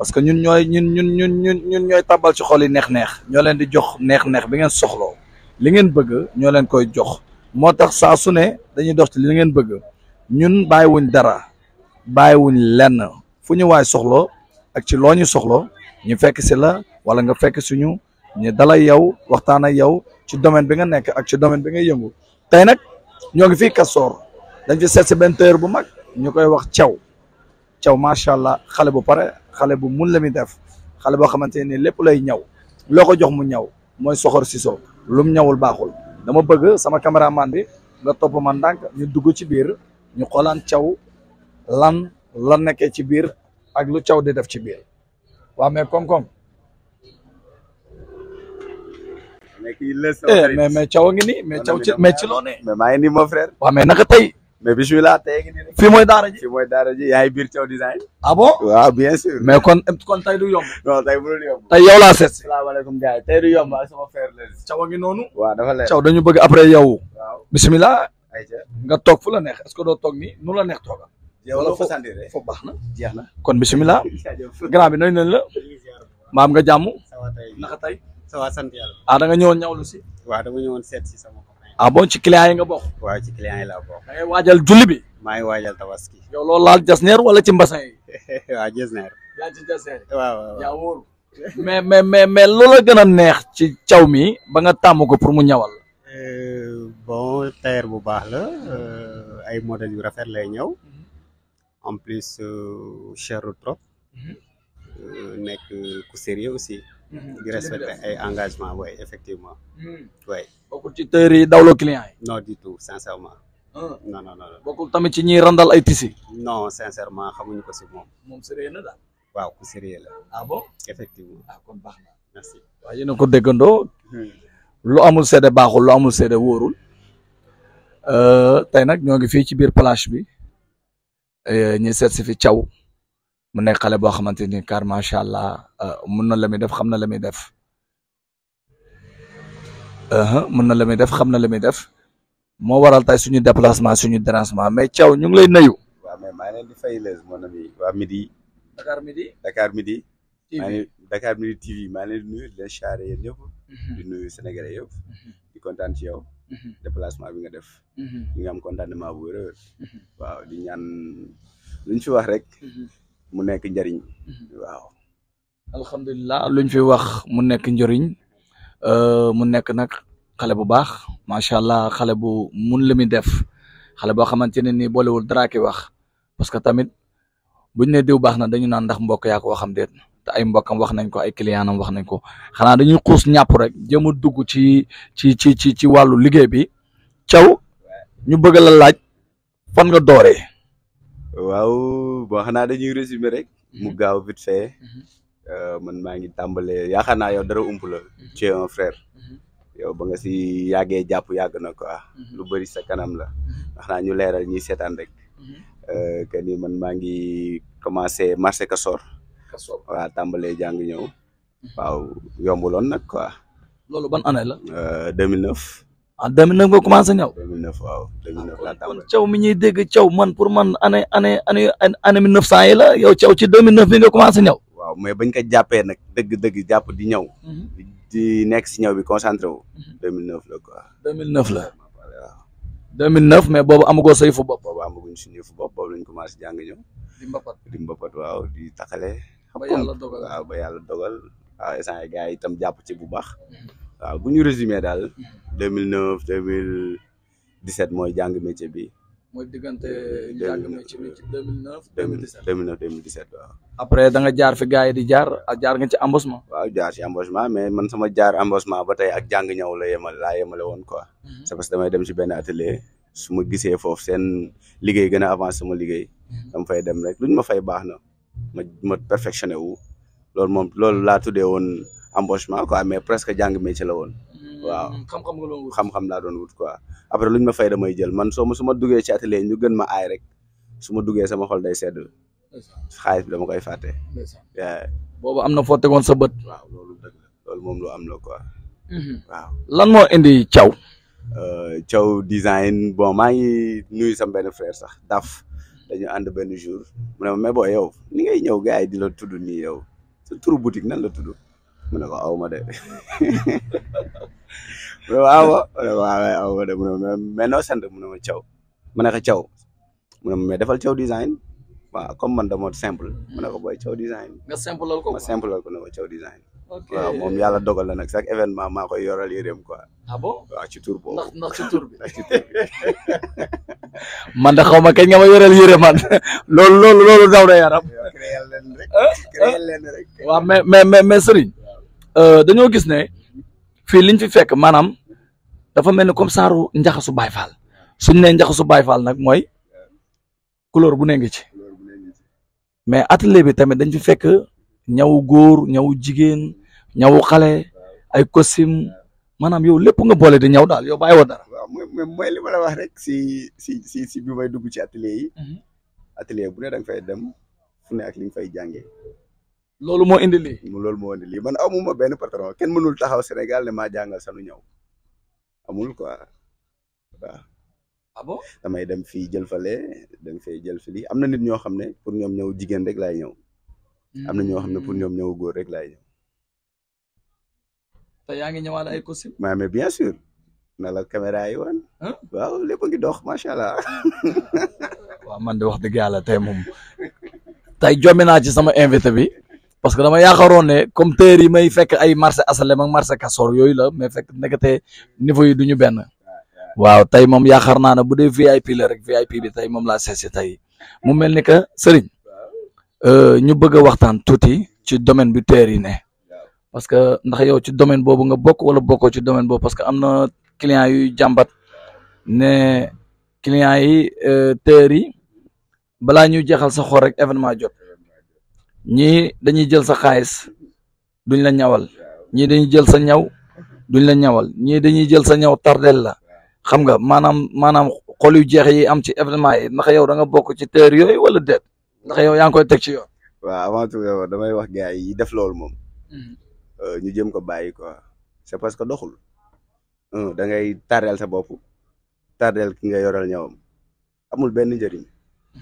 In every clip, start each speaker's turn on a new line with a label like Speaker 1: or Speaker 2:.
Speaker 1: parce que ñun ñooy ñun ñun ñun ñun ñun ñooy tàbbal ci xol yi neex-neex ñoo leen di jox neex-neex bi ngeen soxloo li ngeen bëgg ñoo leen koy jox moo tax saa su ne dañuy dox ci li ngeen bëgg ñun bàyyiwuñ dara bàyyiwuñ lenn fu ñu waay soxloo ak ci loo ñu soxloo ñu fekk si la wala nga fekk suñu ñu dalay yow waxtaan ak yow ci domaine bi nga nekk ak ci domaine bi nga yëngu tey nag ñoo ngi fii Castor dañ fi seet si benn tailleur bu mag ñu koy wax Thiaw caw macha allah xale bu pare xale bu mun la mi def xale boo xamante ne lépp lay ñaw loo ko jox mu ñaw mooy soxor si so lu mu ñawul baaxul dama bëgg sama caméraman bi nga topp ma ndànk ñu dugg ci biir ñu xoolaan caw lan la nekkee ci biir ak lu caw di def ci biir waaw mais koom-koom.
Speaker 2: mais eh, mais Thiaw a ngi nii mais Thiaw loo maa ngi nii mon frère. waaw mais tey. mais bisimilah tey ngi nii. fii mooy Daara ji fii mooy Daara ji yaay biir design.
Speaker 1: ah bon bien sûr. mais kon
Speaker 2: kon tey du yomb. non tey yow laa seet.
Speaker 1: salaamaaleykum gars yi tey du yomb ak sama frère la. Thiaw a ngi noonu. waaw dafa dañu bëgg après yow. waaw bisimilah. ayca nga toog fu la neex est ce que doo toog nii nu la neex tooga. na. jeex na
Speaker 2: kon bisimilah.
Speaker 1: grand bi nañ nañ la. maam nga jàmm. ça va
Speaker 2: tey naka tey. ça va sant ah, nga ñëwoon ñawlu si. waaw dama ñëwoon seet si sama.
Speaker 1: ah bon ci client yi nga bokk. waaw ci client yi laa bokk. da ngay waajal julli bi. maa ngi waajal tabaski. yow loolu laal jasneer wala ci mbasin yi. waaw jasneer. yaa ci jasneer. waaw waaw mais mais mais mais loola gën a neex ci caw mi ba nga tàmm ko pour mu ñawal.
Speaker 2: Euh, bon tailleur bu baax la euh, ay modèles yu rafet lay ñëw mhm. en plus euh, cher trop. Mhm. nekk ku sérieux aussi. Mhm. di respecter engagement oui effectivement. Mhm. oui. bokkul ci
Speaker 1: tëër yi dawloo client yi.
Speaker 2: non du tout sincèrement. non non non. bokkul
Speaker 1: tamit ci ñiy randal ay tisi.
Speaker 2: non sincèrement xamuñu ko si moom. moom sérieux na daal. waaw ku sérieux la. ah bon effectivement. ah kon baax na
Speaker 1: a ko déggandoo. Hmm. lu amul seede baaxul lu amul seede wóorul. Euh, tey nag ñoo ngi fii ci biir plage bi. Euh, ñu seet si fi mu nekk xale boo xamante ni car macha allah uh, mun na la muy def xam na la muy def uh-huh, mun na la muy def xam na la muy def moo waral tey suñu déplacement suñu dérangement mais Thiaw ñu ngi lay nuyu.
Speaker 2: waaw mais maa ngi leen di fay les mon ami midi. Dakar midi TV Dakar midi TV maa ngi leen di di leen charré yéen ñëpp. Mm-hmm. Mm-hmm. yow. Mm-hmm. déplacement bi nga def. ñu ngi am contentement bu wér di ñaan luñ fi wax rek. mu nekk njëriñ mm-hmm. waaw alhamdulilah luñ
Speaker 1: fi wax mu nekk njëriñ euh, mu nekk nag xale bu baax macha allah xale bu mun la muy def xale boo xamante ne nii boolewul dara ki wax parce que tamit buñ ne diw baax na dañu naan ndax mbokk yaa ko waxam déet te ay mbokkam wax nañ ko ay client am wax nañ ko xanaa dañuy xuus ñàpp rek jëm dugg ci ci ci ci ci wàllu liggéey bi caw ñu bëgg laaj fan nga dooree
Speaker 2: waaw boo xanaa dañuy résumer rek. mu mhm. gaaw vite fait. Mhm. Euh, man maa ngi tàmbalee yaakaar naa yow dara ump la. Mhm. tu es un frère. yow ba nga si yàggee jàpp yàgg na quoi. lu bëri sa kanam la. wax naa ñu leeral ñuy seetaan rek. Euh, que ni man maa ngi commencé marché Castor. Castor waaw tàmbalee jàng ñëw. waaw yomb
Speaker 1: loon nag quoi. loolu ban année la. 2009. Euh, ah 2009 nga commencé ñëw. 2009 waaw 2009 ah, laa tàmbali. kon caw mi ñuy dégg caw man pour man année année année année 1900 yi la yow caw ci 2009 bi nga commencé ñëw. waaw
Speaker 2: mais bañ ko jàppee
Speaker 1: nag dëgg-dëgg jàpp di ñëw. Mhm.
Speaker 2: di nekk si ñëw bi concentré wu. 2009 mhm. la quoi. 2009 la.
Speaker 1: 2009 mais boobu amagoo sa yëfu bopp.
Speaker 2: boobu amaguñ suñu yëfu bopp boobu lañ commencé jàng ñëw. di mbapat di mbapat waaw di taxalee. ba yàlla dogal waaw ba yàlla dogal waaw instant yii gars yi jàpp ci bu baax. Mhm. waaw bu ñu résumé daal. 2009 2017 mooy jàng métier bi.
Speaker 1: mooy diggante jàng métier bi ci 2009 2017
Speaker 2: 2009 2017 waaw. après da nga jaar fi gars yi di jaar jaar nga ci embauchement. waaw jaar ci embauchement mais man sama jaar embauchement ba te ak jàng ñëw la yemal laa yemale woon quoi. Mhm. c'est parce que damay benn atelier su ma gisee foofu seen liggéey gën a avancé sama liggéey. Mhm. dama fay dem rek lu ma fay baax na ma ma perfectionné wu loolu moom loolu laa tuddee woon. embauchement quoi mais presque jàng métier la woon. Hmm, waaw xam-xam nga doon laa doon wut quoi. après lañ ma fay damay jël man soo ma su ma duggee ci ñu gën ma aay rek su ma duggee sama xol day sedd. xaalis dama koy fàtte.
Speaker 1: boobu am na foo tegoon sa bët. waaw loolu
Speaker 2: moom lu am la quoi. Hmm. lan moo indi caw Thiaw. Euh, Thiaw design bon maa ngi nuyu sama benn frère sax daf dañu ànd benn jour mu ne ma mais ni ngay ñëw gars yi di la tudd nii yow sa turu nan la tudd. mu ne ko aw ma de mu ne ko aw ma mu ne ko aw ma de mu ne ma mais mu ne ma caw ma defal caw design waaw comme man dama simple mu ne ko booy caw design.
Speaker 1: nga simple lal ko ma simple lal ko ne caw yàlla
Speaker 2: dogal na nag chaque événement maa koy yoral yëreem quoi. ah bon waaw ci tur boobu.
Speaker 1: ndax ndax ci tur bi ndax ci tur man de xaw ma kañ nga ma yoral yëre man loolu loolu loolu daw na yaram. créé leen eh, eh. waaw mais mais mais Serigne. Euh, dañoo gis ne fii liñ fi fekk maanaam dafa mel ni comme saaru njaxasu Baay Faal suñ nee njaxasu Baay Faal nag mooy couleur bu ne ngi ci mais atelier bi tamit dañ fi fekk ñaw góor ñawu jigéen ñaw xale ay costume maanaam yow lépp nga boole di ñaw daal yow bàyyi woo
Speaker 2: dara. waaw mooy mooy wax rek si si si si bi may dugg ci atelier yi. Mhm. atelier bu ne da nga dem fu ne ak li fay jàngee. loolu moo indi lii. loolu moo indi lii man amuma benn patron kenn mënul taxaw Sénégal ne maa jàngal sanu ñëw amul quoi waaw. Ah bon damay dem fii jël fale dem fee jël fii am na nit ñoo xam ne pour ñoom ñëw jigéen rek laay ñëw. am na ñoo xam ne pour ñoom ñëw góor rek laay ñëw.
Speaker 1: te yaa ngi ñëwaale ay costume.
Speaker 2: maa mais bien sûr na la caméra yi woon. waaw lépp ngi dox macha allah.
Speaker 1: waaw man de wax dëgg yàlla tey moom tey jommi naa ci sama invité bi. parce que dama yaakaaroon ne comme terre yi may fekk ay marché asalem ak marché kasoor yooyu la mais fekk nekkatee niveau yi du ñu benn waaw tey moom yaakaar naa ne bu dee VIP la rek VIP bi tey moom laa seesi tey mu mel ni que sëriñ euh, ñu bëgg a waxtaan tuuti ci domaine bi terre yi ne parce que ndax yow ci domaine boobu nga bokk wala bokkoo ci domaine boobu parce que am na client yuy jàmbat ne client yi euh, terre yi balaa ñuy jeexal sa xor rek événement jot ñii dañuy jël sa xaalis duñ la ñawal ñii dañuy jël sa ñaw duñ la ñawal ñii dañuy jël sa ñaw tardel la xam nga maanaam maanaam xol yu jeex yi am ci événement yi ndax yow da nga bokk ci teer yooyu wala déet ndax yow yaa ngi koy teg ci yoon.
Speaker 2: damay wax gars yi def loolu moom. Hmm. Euh, ñu jëm ko bàyyi quoi c'est parce que doxul. da ngay tardel sa bopp tardel ki nga yoral ñawam amul benn njëriñ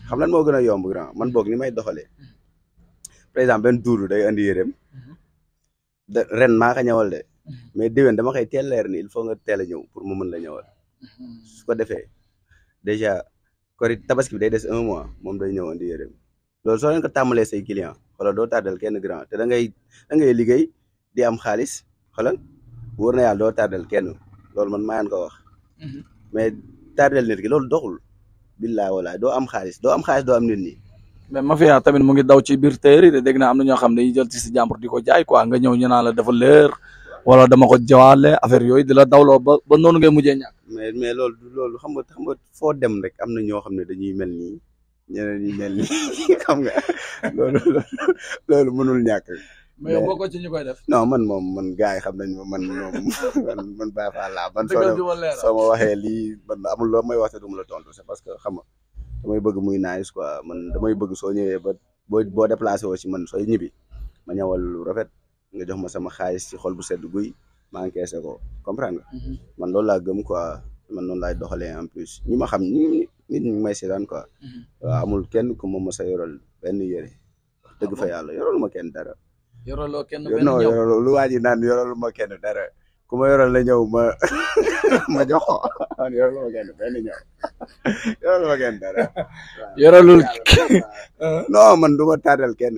Speaker 2: xam lan moo gën a yomb grand man boog ni may doxalee. par exemple benn duuru day andi yéreem de ren maa ko ñëwal de mais déwén dama koy teel leer ni il faut nga teel a ñëw pour mu mën la ñëwal su ko defee déjà kori tabaski bi day des un mois moom day ñëw andi yéreem loolu soo leen ko tàmmalee say client xoolal doo tardel kenn grand te da ngay da liggéey di am xaalis xoolal wóor na yàlla doo tardel kenn loolu man maa ko wax mhm. mais tardel nit
Speaker 1: ki loolu doxul billaay walaay doo am xaalis doo am xaalis doo nit ñi mais mafia tamit mu ngi daw ci biir téer yi de dégg naa am na ñoo xam ne dañuy jël ci si jàmbur di ko jaay quoi nga ñëw ñu naan la dafa leer wala dama ko jawaale affaire yooyu di la dawloo ba ba noonu ngay mujjee ñàkk.
Speaker 2: mais mais loolu loolu xam nga xam nga foo dem rek am na ñoo xam ne dañuy mel nii ñeneen ñi mel nii xam nga loolu loolu mënul ñàkk. mais yow bokkoo
Speaker 1: ci ñu koy def. non
Speaker 2: man moom man gars yi xam nañ ma man moom man man baax laa man soo ma waxee lii man amul loo may wax te du ma la tontu c'est parce que xam nga. damay bëgg muy nice quoi man damay bëgg soo ñëwee ba boo boo déplacé woo man sooy ñibi ma ñëwal lu rafet nga jox ma sama xaalis si xol bu sedd guy maa ngi ko comprendre nga. Mhm. man loolu laa gëm quoi man noonu laay doxalee en plus ñi ma xam ñi nit ñi may seetaan quoi. Mhm. waaw amul kenn ku ma mës yorol yoral benn yére. wax dëgg fa ah yàlla yoralu ma kenn dara. yorol kenn ma kenn dara. ku ma yoroon la ñëw ma ma jox ko man yoraloo ma kenn benn ñëw
Speaker 1: yoraloo ma kenn dara.
Speaker 2: yoralul non man du ma tardel kenn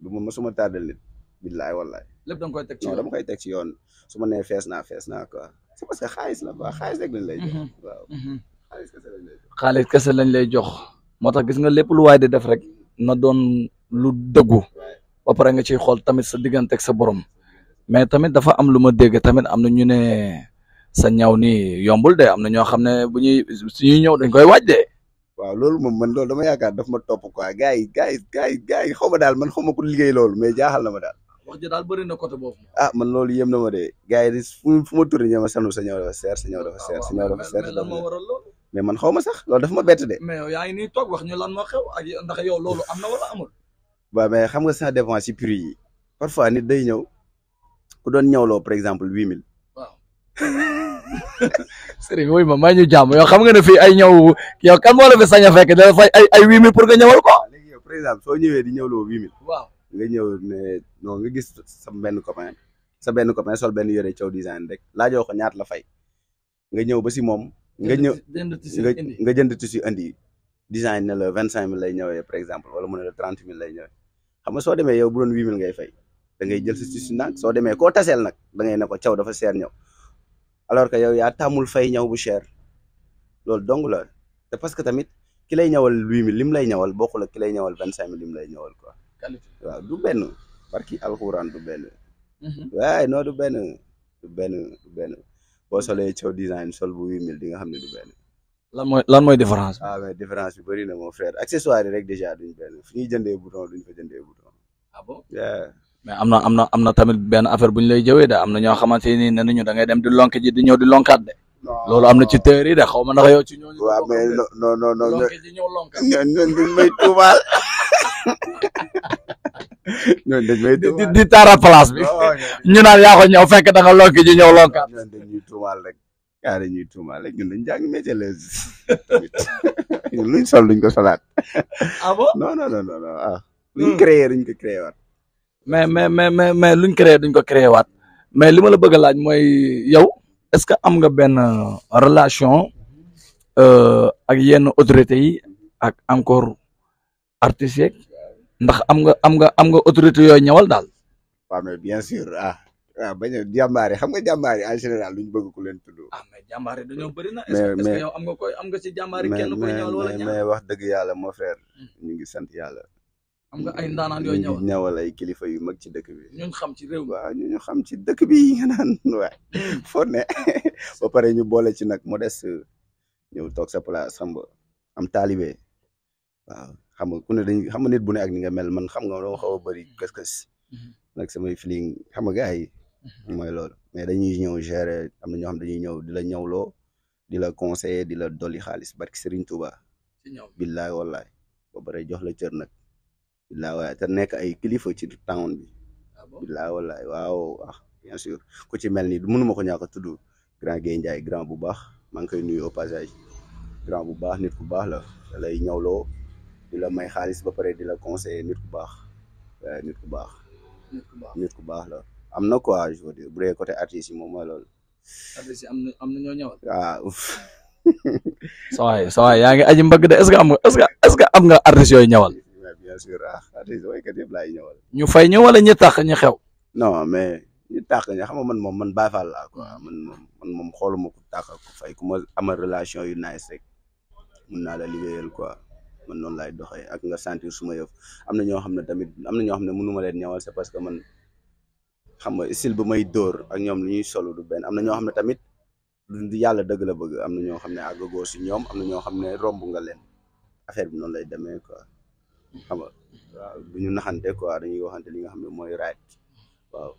Speaker 2: du ma mësuma tardel nit billaay wallaay.
Speaker 1: lépp da koy teg ci yoon dama
Speaker 2: koy teg ci yoon su ma nee fees naa fees naa quoi c'est parce que xaalis la quoi xaalis rek lañ lay jox. Mm-hmm.
Speaker 1: waaw mm-hmm. kese lañ lay jox. moo tax gis nga lépp lu waay di def rek na doon lu dëggu ba pare nga ciy xool tamit sa diggante ak sa borom. mais tamit dafa am lu ma dégg tamit am na ñu ne sa ñaw nii yombul de am na ñoo xam ne bu ñuy suñuy ñëw dañ koy waaj de.
Speaker 2: waaw loolu moom man lool dama yaakaar daf ma topp quoi gars yi gars yi gars yi xaw ma daal man xaw ma liggéey loolu mais jaaxal na ma daal.
Speaker 1: wax ji daal bëri na côté boofu.
Speaker 2: ah man loolu yem na ma gars yi fu fu ma tourné ñëw ma sanu sa ñaw dafa seer sa ñaw dafa ah, man xaw ma sax loolu dafa ma bett de.
Speaker 1: mais yaa ngi nii toog wax ñu ndax yow loolu am na wala amul.
Speaker 2: waaw mais xam nga ça dépend si prix yi parfois nit day ñëw ku doon ñawloo par exemple huit mille. waaw. sëriñ wuy ma may ñu jàmm yow
Speaker 1: xam nga ne fii ay ñaw yow kan moo la fi sañ a ay ay huit mille pour nga ñawal ko. waaw léegi
Speaker 2: par exemple soo ñëwee di ñawloo huit mille. waaw nga ñëw ne nga gis sa benn copain sa benn copain sol benn yere caw design rek laajoo ko ñaat la fay nga ñëw ba si moom. nga ñëw nga jënd tissu indi design ne la vingt cinq mille lay ñëwee par exemple wala mu ne la trente mille la ñëwee xam nga soo demee yow bu doon huit mille ngay fay. da ngay jël si tissu nag soo demee koo taseel nag da ngay ne ko caw dafa seer ñaw alors que yow yaa tàmmul fay ñaw bu cher loolu dong la te que tamit ki lay ñawal huit mille lim lay ñawal bokkul ak ki lay ñawal vingt cinq mille lim lay ñawal quoi. qualité waaw du ben barki alxuraan du benn. Mhm. waaye non du benn du benn du benn boo solee caw design sol bu huit mille di nga xam ne du benn.
Speaker 1: lan mooy lan mooy différence bi.
Speaker 2: ah mais na mon frère accessoire yi rek dèjà duñ benn fu ñuy jëndee bouton duñ fa jëndee bouton. ah mais am
Speaker 1: na am na am na tamit benn affaire bu ñu lay jëwee de am na ñoo xamante ni ne nañu da ngay dem di lonk ji di ñëw di lonkaat de. loolu am na ci teer yi de xaw ma naka yow ci
Speaker 2: ñoo waaw mais non non non lonk ji ñëw
Speaker 1: di taara place bi.
Speaker 2: ñu naan yaa ko ñëw fekk da nga ñëw lonkaat. ñoom dañuy tuumaal ñu yaa dañuy tuumaal rek ñun dañ jàng métier
Speaker 1: les luñ sol duñ ko solaat.
Speaker 2: ah bon non ah, hmm. waat.
Speaker 1: mais mais mais mais luñ créé duñ ko créé waat mais li ma la bëgg a laaj mooy yow est-ce que am nga benn euh, relation euh, ak yenn autorités yi ak encore artistes yeeg ndax am nga am nga am nga autorité yooyu ñëwal daal.
Speaker 2: waaw mais bien sûr ah ah bañ a jàmbaare xam nga jàmbaare en général luñ bëgg ku leen am
Speaker 1: ah mais jàmbaare dañoo bëri na. mais est-ce que yow am nga koy am nga ci jàmbaare kenn koy ñëwal
Speaker 2: wax dëgg yàlla mon frère. Hmm. ngi sant yàlla.
Speaker 1: am nga ay ndaanaan yooyu ñëwal
Speaker 2: ñëwal ay kilifa yu mag ci dëkk bi. ñun xam ci réew mi waaw ñu xam ci dëkk bi nga naan waay foo ne ba pare ñu boole ci nag modeste ñëw toog sa place xam nga am taalibe waaw xam nga ku ne dañ xam nga nit bu ne ak ni nga mel man xam nga dama xaw a bëri kës-kës mm-hmm. mm-hmm. nag samay feeling xam nga gars yi mm-hmm. mooy loolu mais dañuy ñëw gérer am na ñoo xam dañuy ñëw di la ñëwloo di la conseiller di la dolli xaalis barki Serigne Touba. ci ñëw billaay wallaay ba pare jox la cër nag. billaa waay te nekk ay kilifa ci town bi ah billaa wallaay waaw ah bien sûr ku ci mel nii mënuma ko ñàkk tudd grand Guèye grand bu baax maa ngi koy nuyu au grand bu baax nit ku baax la da lay ñawloo di la may xaalis ba pare di la conseiller nit ku baax nit ku baax nit ku baax la am na quoi je veux bu côté artistes yi moom mooy loolu
Speaker 1: am am na ñoo ñëwal yaa ngi aji mbagg de est-ce que am nga est-ce que est-ce que am nga artistes yooyu
Speaker 2: bien sûr ah Aziz ah, waykat yëpp laay ñëwal.
Speaker 1: ñu fay ñëw wala ñu tàq ñu xew. non mais
Speaker 2: ñu tàq ñi xam nga man moom man Baay Faal laa quoi man moom man moom xooluma ku tàq ku fay ku ma amal relation yu nice rek mun naa la liggéeyal quoi man noonu laay doxe ak nga sentir suma yëf am na ñoo xam ne tamit am na ñoo xam ne mënu ma leen ñëwal c'est parce que man xam nga style bu may door ak ñoom li ñuy solu du benn am na ñoo xam ne tamit du yàlla dëgg la bëgg am na ñoo xam ne àggagoo si ñoom am na ñoo xam ne romb nga leen affaire bi noonu lay demee quoi. xam nga waaw bu ñu naxante quoi dañuy waxante li nga xam ne mooy right waaw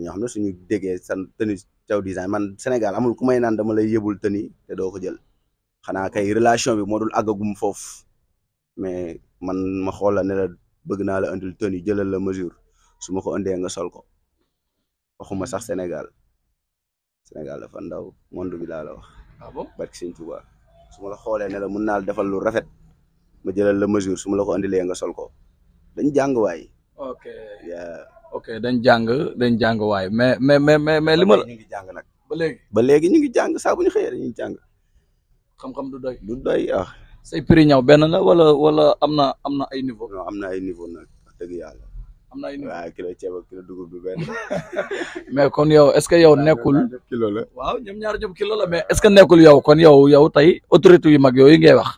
Speaker 2: ñoo xam ne suñu déggee san tenue Thiaw Design man Sénégal amul ku may naan dama lay yëbul tenue te doo ko jël xanaa kay relation bi moo dul àggagum foofu mais man ma xool la ne la bëgg naa la indil tenue jëlal la mesure su ma ko indee nga sol ko waxuma sax senegal Sénégal dafa ndaw monde bi wax. ah bon barki su ma la xoolee ne la mun naa la defal lu rafet. ma jëlal la mesure su ma la ko andilee nga sol ko
Speaker 1: dañ jàng waay. ok dañ jàng dañ jàng waay mais mais mais mais li ma la. ñu ngi jàng nag ba léegi. ba léegi ñu ngi saa bu ñu xëyee dañuy jàng. xam du doy. du doy ah. say prix ñaw benn la wala wala am na am na ay niveau. non am na ay
Speaker 2: niveau nag wax dëgg yàlla. am na ay niveau kilo ceeb ak kilo du benn.
Speaker 1: mais kon yow est ce que yow nekkul. kilo la waaw ñoom ñaar jëm kilo la mais est ce que nekkul yow kon yow yow tey autorité yu mag yooyu ngay wax.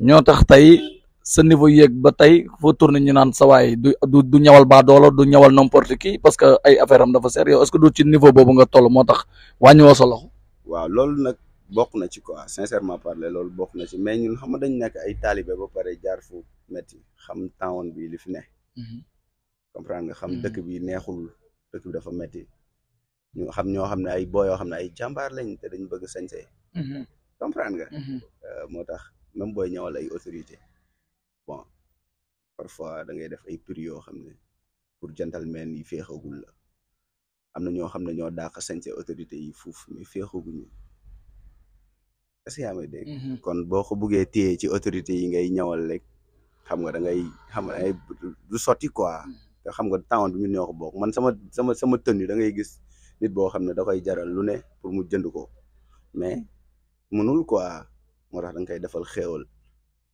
Speaker 1: ñoo tax tey sa niveau yéeg ba tey foo tourné ñu naan sa waay du du ñawal baa doolo du ñawal n'importe qui parce que ay affaire am dafa seer yow est-ce que du ci niveau boobu nga toll moo tax wàññiwoo sa loxo.
Speaker 2: waaw loolu nag bokk na ci quoi sincerement parler loolu bokk na ci mais ñun xam nga dañ nekk ay taalibe ba pare jaar fu metti xam tawoon bi li fi ne. Mhm. comprendre nga xam mhm. dëkk bi neexul dëkk bi dafa metti ñu xam ñoo xam ne ay boo yoo xam ne ay jàmbaar lañ te dañ bëgg sañse mhm. comprendre nga. Euh, moo tax. même booy ñëwal ay autorité bon parfois da ngay def ay prix yoo xam ne pour gentleman yi féexagul la am na ñoo xam ne ñoo daax a sañse autorité yi fuuf mais féexaguñu est-ce que yaa may dégg mm-hmm. kon boo ko buggee téye ci autorité yi ngay ñëwal rek xam nga da ngay xam nga da du sotti quoi mm-hmm. te xam nga temps bi ñu ñoo ko bokk man sama sama sama tenue da ngay gis nit boo xam ne da jaral lu ne pour mu jënd ko mais mënul quoi moo tax da nga koy defal xéewal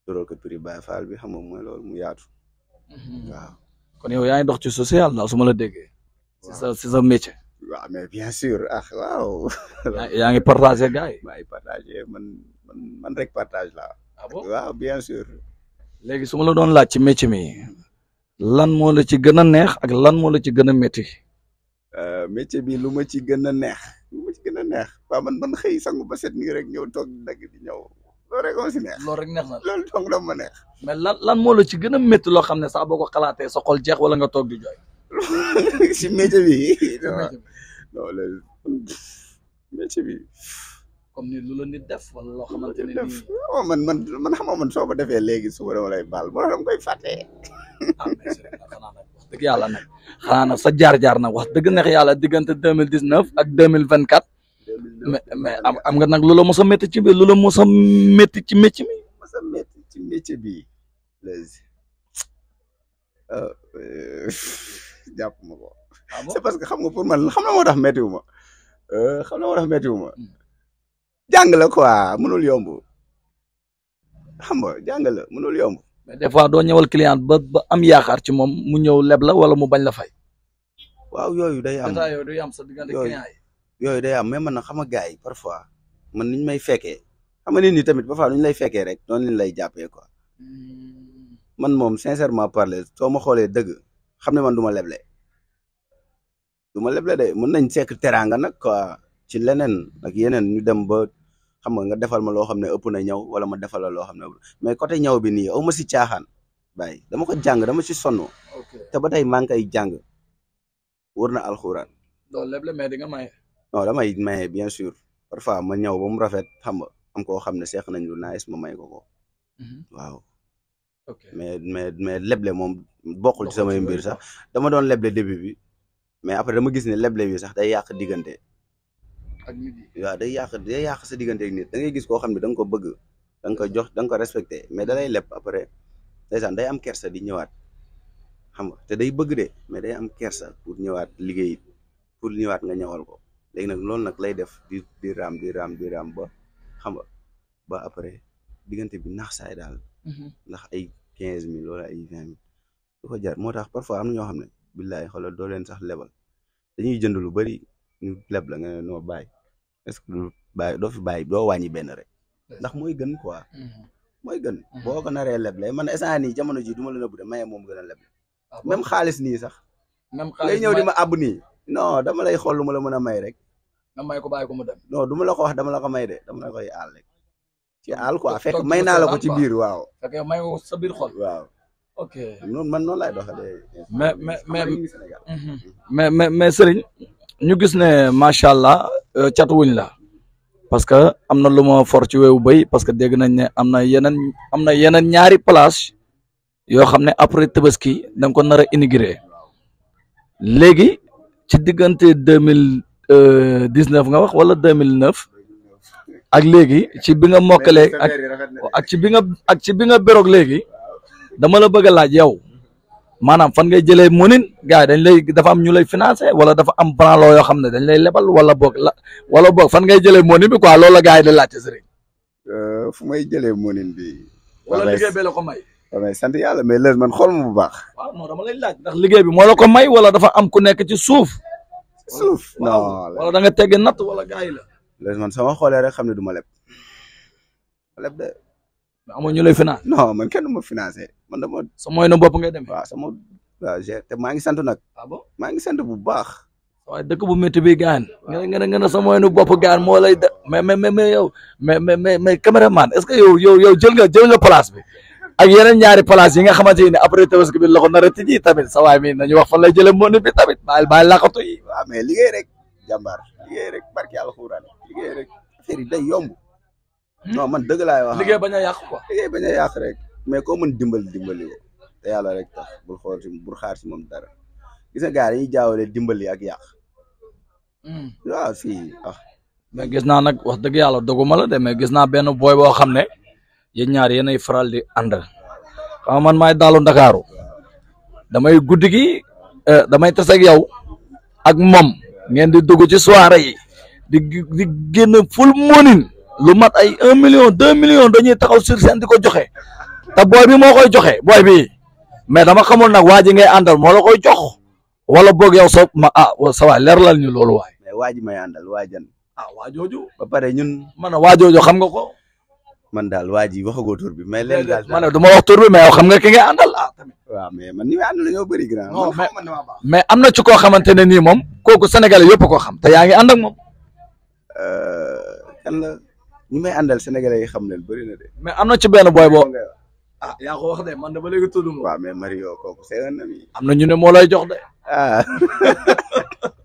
Speaker 2: dural ko prix Baye bi xam nga mooy loolu mu yaatu. Mm-hmm. waaw
Speaker 1: kon yow yaa ngi dox ci social la su ma la déggee. waaw c'est ça c'est ça métier.
Speaker 2: bien sûr ah waaw. yaa ngi partagé gars yi. maa ngi man man rek partage la ah bien sûr.
Speaker 1: léegi suma la doon laaj ci métier mi lan moo la ci gën a neex ak lan moo la ci gën a métti.
Speaker 2: Euh, métier bi lu ma
Speaker 1: ci gën a neex
Speaker 2: ci gën a neex waaw man man xëy sangu ba set nii rek ñëw toog dagg di ñëw
Speaker 1: loolu rek moo si neex loolu rek neex na loolu dong la ma neex. mais lan lan moo la ci gën a métti loo xam ne sax boo ko xalaatee sa xol jeex wala nga toog di jooy. si métier bi. loolu métier bi. comme ni lu la nit def wala loo xamante ne nii.
Speaker 2: waaw oh, man man man xam nga man soo ko defee léegi suba dama lay baal boo xam koy fàttee. ah mais
Speaker 1: c'est vrai xanaa nag wax dëgg yàlla nag xanaa nag sa jaar-jaar nag wax dëgg neex yàlla diggante deux mille dix neuf ak deux mille vingt quatre. mais mais am nga nag loola mosa a métti ci loola mos a métti ci métti mi.
Speaker 2: mos a métti ci métti bi. Euh, jàpp ma ko. Ah c'est parce que xam nga pour man xam na moo tax métti wu ma euh, na moo tax métti wu ma hmm. jàng la quoi mënul yomb
Speaker 1: xam nga jàng la mënul yomb. mais des fois doo ñëwal client ba ba am yaakaar ci moom mu ñëw leb la wala mu bañ la fay. waaw yooyu day am sa diggante client
Speaker 2: yooyu day am mais man na xam nga gars yi parfois man niñ may fekkee xam nga nit ñi tamit parfois lay fekkee rek noonu lañ lay jàppee quoi hmm. man moom sincèrement parler soo ma xoolee dëgg xam ne man duma leble duma leble de mën nañ sekk teraanga nag quoi ci leneen ak yeneen ñu dem ba xam nga nga defal ma loo xam ne ëpp na ñëw wala ma defal la loo xam ne mais côté ñëw bi nii aw ma si caaxaan bàyyi dama ko jàng dama si sonn te ba tey maa ngi koy jàng wër na alxuraan. non damay maye bien sûr parfois ma ñëw ba mu rafet xam nga am koo xam ne seex nañ lu nice ma may ko ko. Mhm. waaw. mais mais mais leble moom bokkul ci samay mbir sax dama doon leble début bi mais après dama gis ne leble bi sax day yàq diggante. ak waaw day yàq day yàq sa diggante ak da ngay gis koo xam ne danga nga bëgg danga ko jox danga nga ko respecté mais da lay leb après ndeysaan day am kersa di ñëwaat xam nga te day bëgg de mais day am kersa pour ñëwaat liggéey pour ñëwaat nga ñëwal ko. léegi nag loolu nag lay def di di raam di raam di raam ba xam nga ba après diggante bi naax saay daal mhm. ndax ay quinze mille wala ay vingt mille du ko jar moo tax parfois am na ñoo xam ne billaay xoolal doo leen sax lebal dañuy jënd lu bari ñu leb la nga ne noo bàyyi est-ce que du bàyyi doo fi bàyyi benn rek ndax mooy gën quoi mhm. mooy gën mhm. boo ko naree leble man instant nii jamono ji du ma la nëbbu de maye moom gën a leble ah, même xaalis nii sax ngay ñëw di ma àbb nii dama lay xool lu ma la mën a may rek
Speaker 1: nga may ko bàyyi ko mu dem.
Speaker 2: non du ma la ko wax dama la ko may de dama la ci ah, aal quoi may naa la ko ci biir waaw.
Speaker 1: fekk may ko sa biir waaw ok noonu man noonu laay doxalee. mais mais mais mais mais Serigne ñu gis ne macha allah euh, catuwuñ la. parce que am na lu ma for ci weewu béy parce que dégg nañ ne am na yeneen am na yeneen ñaari place yoo xam ne après tabaski da ko nar a intégré léegi ci diggante deux mille dix neuf nga wax wala deux mille neuf ak léegi ci bi nga mokkalee ak ak ci bi nga ak ci bi nga beroog léegi dama la bëgg a laaj yow maanaam fan ngay jëlee munin gars yi dañ lay dafa am ñu lay financé wala dafa am branlo yoo xam ne dañ lay lebal wala bok la wala boog fan ngay jëlee munin bi quoi loolu la gars yi di laajte sëriñ.
Speaker 2: Euh, fu may jëlee munin bi. wala liggéey bi la ko may. waaw sant yàlla mais léegi man xool ma bu baax.
Speaker 1: waaw non dama lay laaj ndax
Speaker 2: liggéey bi moo la ko may wala dafa am ku nekk ci suuf. suuf non wala da nga tegge natt wala gars yi la. léegi man sama xoolee rek xam ne du ma leb leb de.
Speaker 1: amoo ñu lay financé. non man kenn du ma financé man dama. sa mooy na bopp ngay
Speaker 2: demee. waaw sama waaw te maa ngi sant nag. ah bon maa ngi sant
Speaker 1: bu baax. waaye dëkk bu métti bi gaan nga ne nga ne nga ne sa mooy nu bopp gaan moo lay de mais mais mais yow mais mais mais caméraman ce que yow yow yow jël nga jël nga place bi. ak yeneen ñaari place yi nga xamante ne après tabaski bi la ko nar a tijji tamit sa waay mi nañu wax fan lay jëlee monde bi tamit baal baal yi
Speaker 2: waaw mais liggéey rek jàmbaar liggéey rek barki alxuraan liggéey rek affaire day yomb non man dëgg laay wax liggéey
Speaker 1: bañ a yàq quoi a rek
Speaker 2: mais ko man dimbali dimbali ko te yàlla rek tax bul xool si bul xaar si moom dara gis nga gars yi jaawale dimbali ak yàq hmm. waaw fii ah.
Speaker 1: gis naa nag wax dëgg yàlla doguma la de mais gis naa benn boy boo xam ne yéen ñaar yéenay faral di ànd xam man maay daalu ndakaaru damay guddi gi eh, damay tas ak yow ak moom ngeen di dugg ci soirée yi di di génn ful moonin lu mat ay un million deux millions dañuy taxaw sur scène di ko joxe te moo koy joxe booy bi dama xamul nag waa ji ngay àndal moo la koy jox wala boog yow so ma ah sa waay leerlal ñu loolu waay.
Speaker 2: mais waa ji may àndal waajan. ah waajooju. ba pare ñun.
Speaker 1: man waajooju xam nga ko. man daal waa ji waxagoo tur bi mais leen man du ma wax tur bi mais a xam nga ki nga àndal ah, tamit
Speaker 2: waaw mais man ni ma àndal ñoo bëri grand
Speaker 1: mais am na ci koo xamante ne nii moom kooku sénégalais yëpp koo xam te yaa ngi ànd ak moom
Speaker 2: euh, kan la ñi may àndal sénégalais yi xam leen bëri na de
Speaker 1: mais am na ci benn booy boo
Speaker 2: ah yaa ko wax de man dama léegi tudd moom waaw mais Mario kooku
Speaker 1: na ñu ne moo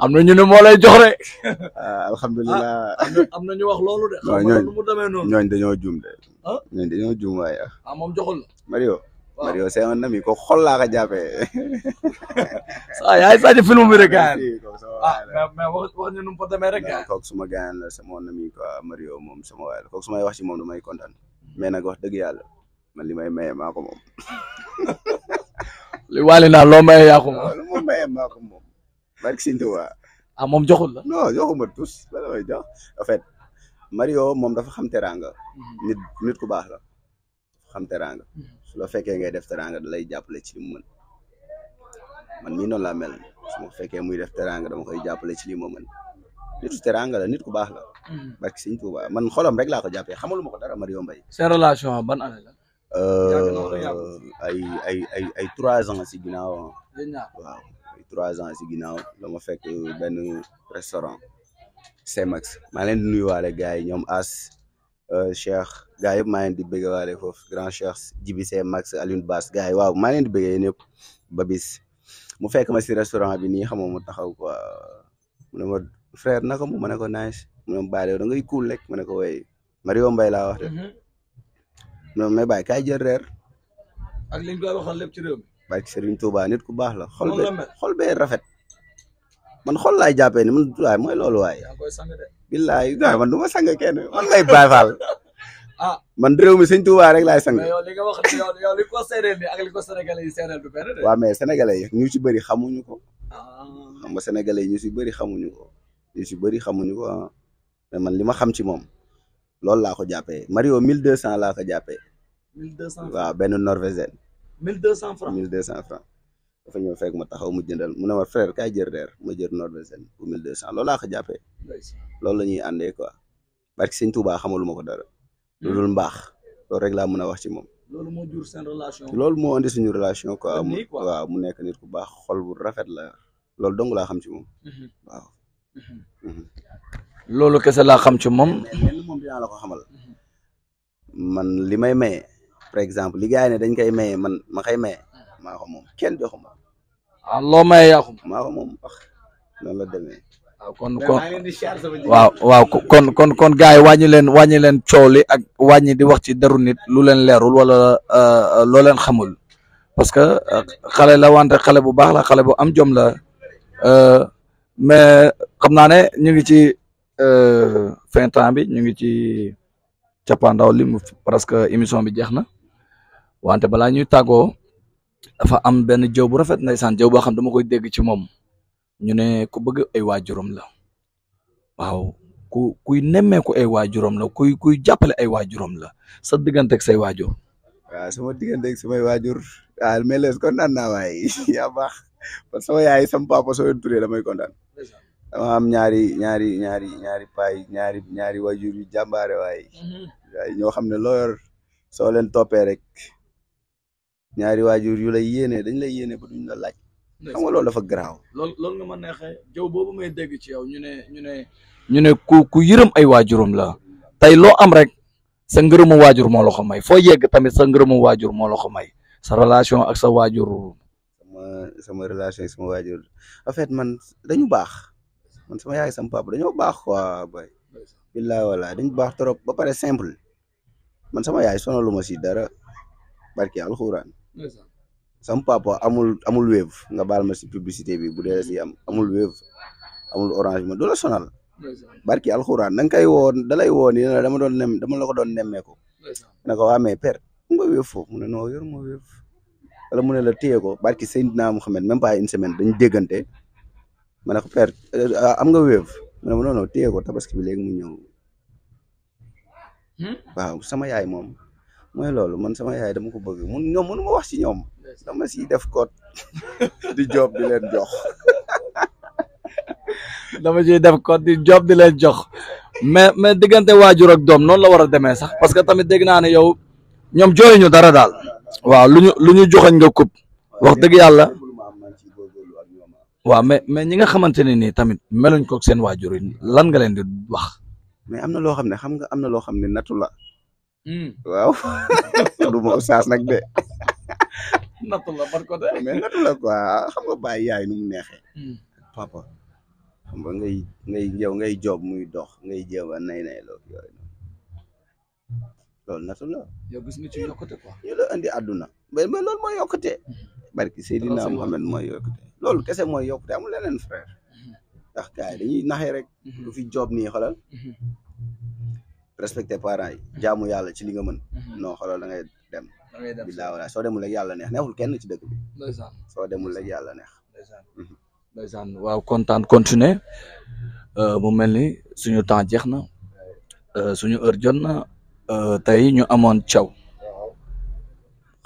Speaker 1: am na ñu ne moo lay jox rek. Ah, alhamdulilah ah, am na ñu wax loolu de. xam ñooñ
Speaker 2: dañoo juum de. Ah? ñooñ dañoo juum waaye. ah moom joxul la. Mario Mario c'est un ami ko xol laa a jàppee. ah yaay Sadio film bi rek gars yi
Speaker 1: wax wax ñu nu mu fa demee rek
Speaker 2: gars suma gars la sama Mario moom sama waay la kooku wax ci moom damay kontaan mais nag wax dëgg yàlla man li may maye maa ko moom.
Speaker 1: li waale naa loo maye yaa ko
Speaker 2: barke Sëñ Tuubaa a ah, moom joxul la. non joxuma tous la may jox en fait Mario moom dafa xam teraanga. Mhm. nit nit ku baax la. xam mhm. su la fekkee ngay def teraanga da lay jàppale ci li mu man mii noonu laa mel su ma fekkee muy def teraanga dama koy jàppale ci li ma mën nitu la nit ku baax la. Mhm. barke Sëñ Tuubaa man xolam rek laa ko jàppee xamaluma ko dara Mario Mbaye.
Speaker 1: seen relation ban année euh,
Speaker 2: ay ay ay trois ans si ginnaaw. Ah. waaw. ay trois ans si ginnaaw la ma fekk benn restaurant Semax maa leen di nuyuwaale gars yi ñoom As euh, Cheikh gars yëpp maa leen di bëggewaale foofu grand Cheikh Jibi Semax Alioune Bass gars yi waaw maa leen di bëggee ñëpp ba bis mu fekk ma si restaurant bi nii xam mu taxaw quoi mu ne ma frère naka mu ma ne ko nice mu ne ma bàyyi da ngay cool rek ma ne ko Mario mbay laa wax de mhm. mu ne ma may bàyyi kaay jël barke Serigne Touba nit ku baax la. xol bee rafet. man xol laay jàppee ni man loolu waaye. billaay waaye man du ma
Speaker 1: sang kenn man lay Baay Faal. ah
Speaker 2: man réew mi sëñ Touba rek laay sang. mais yow
Speaker 1: li yi séeréer du benn mais
Speaker 2: sénégalais yi ñu ci bari xamuñu ko. Ah. xam nga sénégalais yi ñu ci bëri xamuñu ko. ñu bëri xamuñu ko ah. man li ma xam ci moom loolu laa ko jàppee Mario mille 1200 laa ko jàppe
Speaker 1: 1200 waaw
Speaker 2: benn norvégienne.
Speaker 1: 1200 francs
Speaker 2: cent francs dafa ñëw fekk ma taxaw mu jëndal mu ne ma frère kaay jër reer ma jër Norvège pour 1200 loolu laa ko jàppee. loolu la ñuy àndee quoi. barke sëñ Touba xamaluma ko dara. Hmm. loolu mbaax loolu rek laa mun a wax ci moom.
Speaker 1: loolu moo jur seen relation. loolu
Speaker 2: moo andi suñu relation quoi mu waaw mu nekk nit ku baax xol bu rafet la loolu dong laa xam ci moom.
Speaker 1: Hmm. Hmm. waaw.
Speaker 2: loolu kese laa xam ci moom. moom dinaa la ko xamal. man li may maye. par exemple li gars ne dañ koy maye man ma koy maye maa ko moom kenn joxu
Speaker 1: ah, loo maye yaa ko.
Speaker 2: maa ko moom la demee. waaw
Speaker 1: kon kon waaw waaw kon kon kon gars yi wàññi leen wàññi leen coow li ak wàññi di wax ci deru nit lu leen leerul wala euh, loo leen xamul parce que euh, xale la wante xale bu baax la xale bu am jom la euh, mais xam naa ne ñu ngi ci fin temps bi ñu ngi ci cappaandaw li mu presque émission bi jeex na wante balaa ñuy tàggoo dafa am benn jëw bu rafet ndeysaan jëw boo xam dama koy dégg ci moom ñu ne ku bëgg ay waajuram la waaw ku kuy nemmeeku ay waajuram la kuy kuy jàppale ay waajuram la sa digganteeg say waajur.
Speaker 2: waaw sama digganteeg samay waajur ah mel ni kontaan naa waay yaa baax parce que sama yaay sama papa soo leen damay kontaan. dama am ñaari ñaari ñaari ñaari pay ñaari ñaari waajur yu jàmbaare waay. Mhm. ñoo xam ne loo soo leen toppee rek ñaari waajur yu la yéene
Speaker 1: dañ lay yéene ba duñ la laaj. xam nga loolu dafa garaaw. loolu loolu nga ma neexee jaww boobu may dégg ci yow ñu ne ñu ne ñu ne ku ku yërëm ay waajuram la tey loo am rek sa ngërëmu waajur moo loxo may foo yegg tamit sa ngërëmu waajur moo la may sa relation ak sa waajur.
Speaker 2: sama sama relation ak sama waajur en fait man dañu baax man sama yaay sama papa dañoo baax quoi bay billaay dañu baax trop ba pare simple man sama yaay sonaluma si dara barki alxuraan. sam papa amul amul wave nga baal ma si publicité bi bu dee si am amul wave amul orange ma du la sonal barki alxuraan da nga koy woo dalay lay woo dama doon nem dama la ko doon nemmeeku na ko waamee ah, père mu nga wave foofu mu ne noo yor ma wave wala mu ne la téye ko barki Seydina Mouhamed même pas une semaine dañ déggante ma ne ko père euh, am nga wave mu ne ma non non ko tabaski bi léegi mu ñëw hmm? waaw sama yaay moom mooy loolu man sama yaay dama ko bëgg mun ñoom mënu ma wax ci ñoom dama siy def code di job di leen jox
Speaker 1: dama ciy def code di job di leen jox mais mais diggante waajur ak doom noonu la war a demee sax parce que tamit dégg naa ne yow ñoom jooyuñu dara daal waaw lu ñu lu ñu joxañ nga kub wax dëgg yàlla waaw mais mais ñi nga xamante ne nii tamit meluñ koog seen waajur yi lan nga leen di wax
Speaker 2: mais am na loo xam ne xam nga am na loo xam ne natu la Hmm. waaw du ma oustaz nag de.
Speaker 1: nattu la par côté.
Speaker 2: xam nga bàyyi yaay nu mu hmm. nga ngay ngay ngay job muy dox ngay jéem a nay nay loolu yooyu loolu nattu la. yow gis nga ci yokkute quoi. yow la andi àdduna mais mais loolu mooy yokkute. Hmm. barki kese mooy yokkute amul leneen frère. ndax gars dañuy naxee rek. fi job nii xoolal. respecté parents yi mhm. jaamu yàlla ci li nga mën mhm. non xoolal da ngay dem billaa wala soo demul rek yàlla neex neexul kenn ci dëkk bi ndeysaan soo demul rek yàlla neex ndeysaan mhm. ndeysaan
Speaker 1: waaw kontaan continuer euh, mu mel ni suñu temps jeex na euh, suñu heure jot na euh, tey ñu amoon caw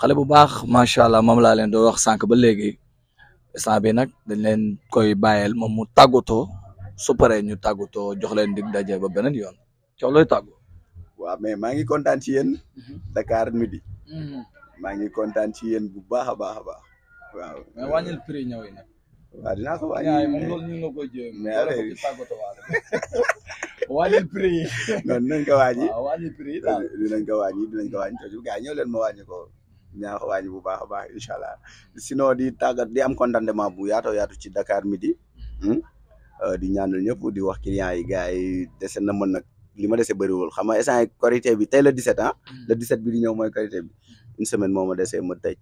Speaker 1: xale bu baax macha allah moom laa leen doo wax sànq ba léegi instant bi nag dañ leen koy bàyyeel moom mu tàggatoo su paree ñu tàggatoo jox leen dig daje ba beneen yoon caw looy tàggoo
Speaker 2: waaw mais maa ngi kontaan ci yéen.
Speaker 1: Mhm. Dakar midi. Mhm.
Speaker 2: maa ngi kontaan ci yéen bu baax a baax a baax. waaw mais wàññil
Speaker 1: prix ñëw nag. waaw dinaa ko wàññi mais loolu ñu ngi ko jëm. mais affaire yi
Speaker 2: wàññil prix yi. non dinañ ko wàññi. dinañ ko wàññi dinañ ko wàññi coono gars ñëw leen ma wàññi ko. dinaa ko wàññi bu baax a baax incha allah mhm. sinon di tàggat di am contentement bu yaatu yaatu ci Dakar midi. Hmm? Euh, di ñaanal ñëpp di wax client yi gars yi dese na mën nag. li ma dese bëriwul xam nga instant korité bi tey la 17 ah. Hmm. le 17 bi di ñëw mooy korité bi hmm. une semaine moo ma dese ma tëj.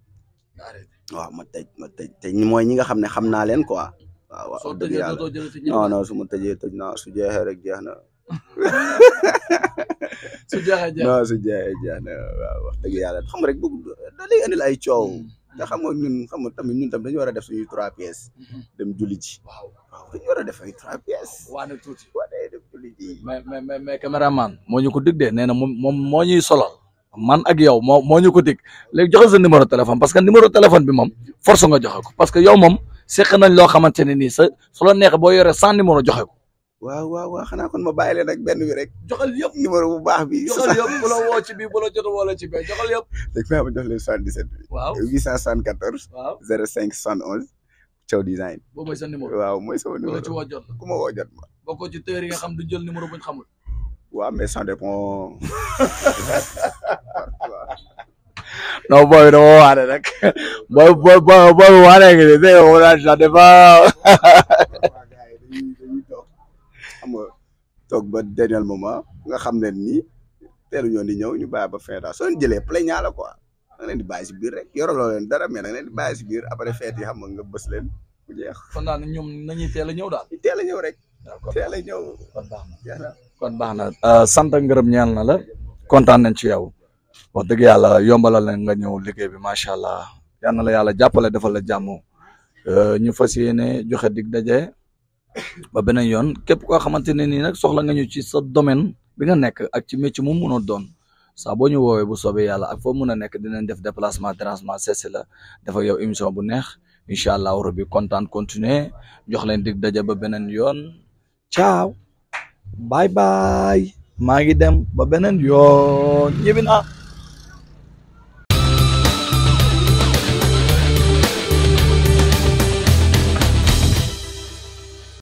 Speaker 2: waaw ma tëj ma tëj te mooy ñi nga xam ne xam naa leen quoi. waaw waaw dëgg yàlla non su ma tëjee tëj naa su jeexee rek jeex na.
Speaker 1: su jeexee jeex na non
Speaker 2: su wax dëgg yàlla xam rek bu da lay andil ay coow. Hmm. te xam nga xam nga tamit ñun tam dañu war a def suñuy trois pièces. Mhm.
Speaker 1: dem julli ji.
Speaker 2: waaw waaw dañu war a def
Speaker 1: waa nag tuuti waa day dem julli moo ñu ko dig de nee na moom moo ñuy solal man ak yow moo moo ñu ko dig léegi joxe sa numéro téléphone parce que numéro téléphone bi moom force nga joxe ko parce que yow moom seq nañ loo xamante ne nii sa su la neexee boo yoree sans numéro joxe
Speaker 2: waaw waaw waaw xanaa kon ma bàyyi leen ak benn bi rek joxal yëpp numéro bu baax bi joxal yëpp bu la ci
Speaker 1: bi bu la jot wala ci be joxal yëpp
Speaker 2: léegi faa ma jox leen 77 bi waaw 874 waaw 05 71 Thiaw Design
Speaker 1: boobu mooy sa numéro waaw mooy sama numéro ci woo jot
Speaker 2: ku ma woo jot ma
Speaker 1: bokkoo ci tëer yi nga xam du jël numéro buñ xamul waaw
Speaker 2: mais ça dépend
Speaker 1: non booy dama waane rek booy booy waane ngi dégg nga ça dépend
Speaker 2: xam nga toog ba dernier moment nga xam ne nii teelu ñoon di ñëw ñu ba fin soo leen jëlee plaignant la quoi da nga leen di bàyyi si biir rek yoraloo leen dara mais da nga leen di bàyyi si biir
Speaker 1: après fête yi xam nga nga bës leen bu jeex. kon daal ñoom nañuy a a rek. teel a ñëw. kon baax na kon baax na euh, sant ak ngërëm ñeel na la kontaan nañ ci yow wax dëgg yàlla yombalal nañ nga ñëw liggéey bi macha allah yal na la yàlla jàppale defal la jàmm euh, ñu fas ba yoon képp koo xamante ne nii nag soxla nga ci sa domaine bi nga nekk ak ci métier mu mun a doon saa boo ñu woowee bu soobee yàlla ak foo mun a nekk dinañ def déplacement dérangement cessé la dafa yow émission bu neex incha allah rabbi kontaan continuer jox leen dig daje ba beneen yoon ciao bye bye maa ngi dem ba beneen yoon ñibbi